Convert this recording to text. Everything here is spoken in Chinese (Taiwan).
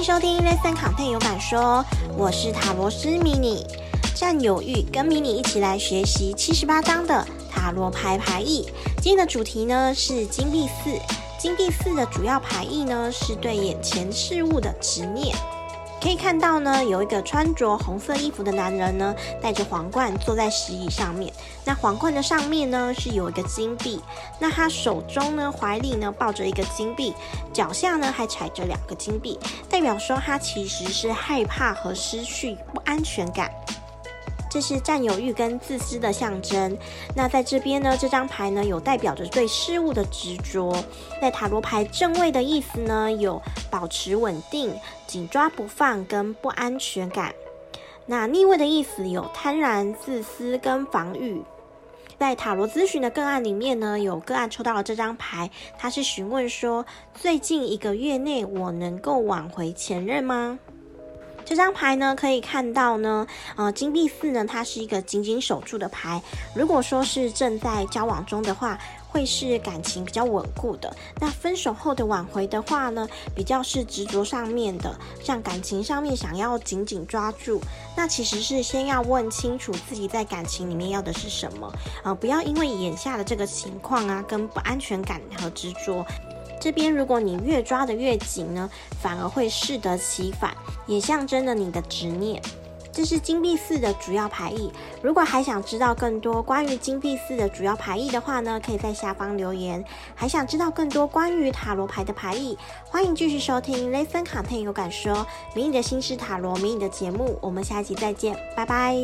歡迎收聽《ListenContent 有感說》，我是塔羅師迷你。占有欲跟迷你一起來學習七十八張的塔羅牌牌意。今天的主題呢是金幣四，金幣四的主要牌意呢是對眼前事物的執念。可以看到呢，有一個穿着紅色衣服的男人呢，戴着皇冠坐在石椅上面。那皇冠的上面呢，是有一個金幣，那他手中呢、懷裡呢，抱着一個金幣，腳下呢，還踩着兩個金幣，代表說他其實是害怕和失去，不安全感。這是占有欲跟自私的象徵。那在這邊呢，這張牌呢，有代表着對事物的執着。在塔羅牌正位的意思呢，有保持穩定、緊抓不放跟不安全感。那逆位的意思有貪婪、自私跟防禦。在塔羅諮詢的個案裡面呢，有個案抽到了這張牌，他是詢問說：最近一個月內我能夠挽回前任嗎？這張牌呢，可以看到呢，呃，金幣四呢，它是一個緊緊守住的牌。如果說是正在交往中的話，會是感情比較穩固的。那分手後的挽回的話呢，比較是執着上面的，像感情上面想要緊緊抓住。那其實是先要問清楚自己在感情裡面要的是什麼啊，呃，不要因為眼下的這個情況啊，跟不安全感和執着這邊如果你越抓得越緊呢，反而會適得其反，也象徵了你的執念。這是金幣四的主要牌意。如果還想知道更多關於金幣四的主要牌意的話呢，可以在下方留言。還想知道更多關於塔羅牌的牌意，歡迎繼續收聽《ListenContent 有感說迷你的心事塔羅迷你》的節目。我們下一集再見，拜拜。